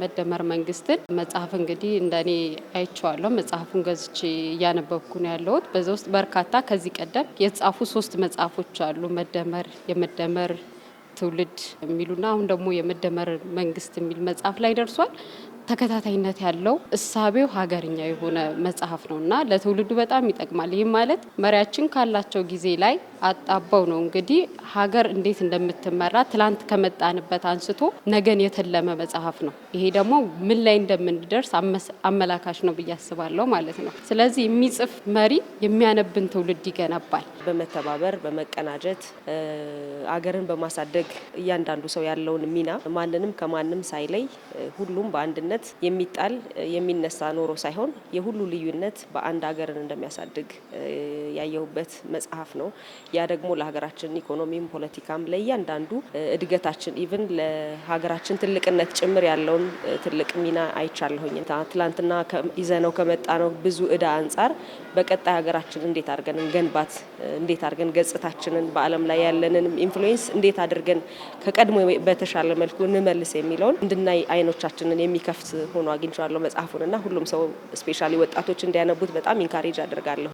መደመር መንግስትን መጽሐፍ እንግዲህ እንደኔ አይቼዋለሁ። መጽሐፉን ገዝቼ እያነበብኩ ነው ያለሁት። በዛ ውስጥ በርካታ ከዚህ ቀደም የተጻፉ ሶስት መጽሐፎች አሉ። መደመር፣ የመደመር ትውልድ የሚሉና አሁን ደግሞ የመደመር መንግስት የሚል መጽሐፍ ላይ ደርሷል። ተከታታይነት ያለው እሳቤው ሀገርኛ የሆነ መጽሐፍ ነው እና ለትውልዱ በጣም ይጠቅማል። ይህም ማለት መሪያችን ካላቸው ጊዜ ላይ አጣባው ነው እንግዲህ ሀገር እንዴት እንደምትመራ ትላንት ከመጣንበት አንስቶ ነገን የተለመ መጽሐፍ ነው። ይሄ ደግሞ ምን ላይ እንደምንደርስ አመላካሽ ነው ብዬ አስባለሁ ማለት ነው። ስለዚህ የሚጽፍ መሪ የሚያነብን ትውልድ ይገነባል። በመተባበር በመቀናጀት አገርን በማሳደግ እያንዳንዱ ሰው ያለውን ሚና ማንንም ከማንም ሳይለይ ሁሉም በአንድነት ልዩነት የሚጣል የሚነሳ ኖሮ ሳይሆን የሁሉ ልዩነት በአንድ ሀገርን እንደሚያሳድግ ያየሁበት መጽሐፍ ነው። ያ ደግሞ ለሀገራችን ኢኮኖሚም ፖለቲካም ለእያንዳንዱ እድገታችን ኢቭን ለሀገራችን ትልቅነት ጭምር ያለውን ትልቅ ሚና አይቻለሁኝ። ትላንትና ይዘነው ከመጣ ነው ብዙ እዳ አንጻር በቀጣይ ሀገራችን እንዴት አድርገን እንገንባት፣ እንዴት አድርገን ገጽታችንን በዓለም ላይ ያለንን ኢንፍሉዌንስ እንዴት አድርገን ከቀድሞ በተሻለ መልኩ እንመልስ የሚለውን እንድናይ አይኖቻችንን የሚከፍት ሆኖ አግኝቼዋለሁ መጽሐፉን እና ሁሉም ሰው ስፔሻሊ ወጣቶች እንዲያነቡት በጣም ኢንካሬጅ አደርጋለሁ።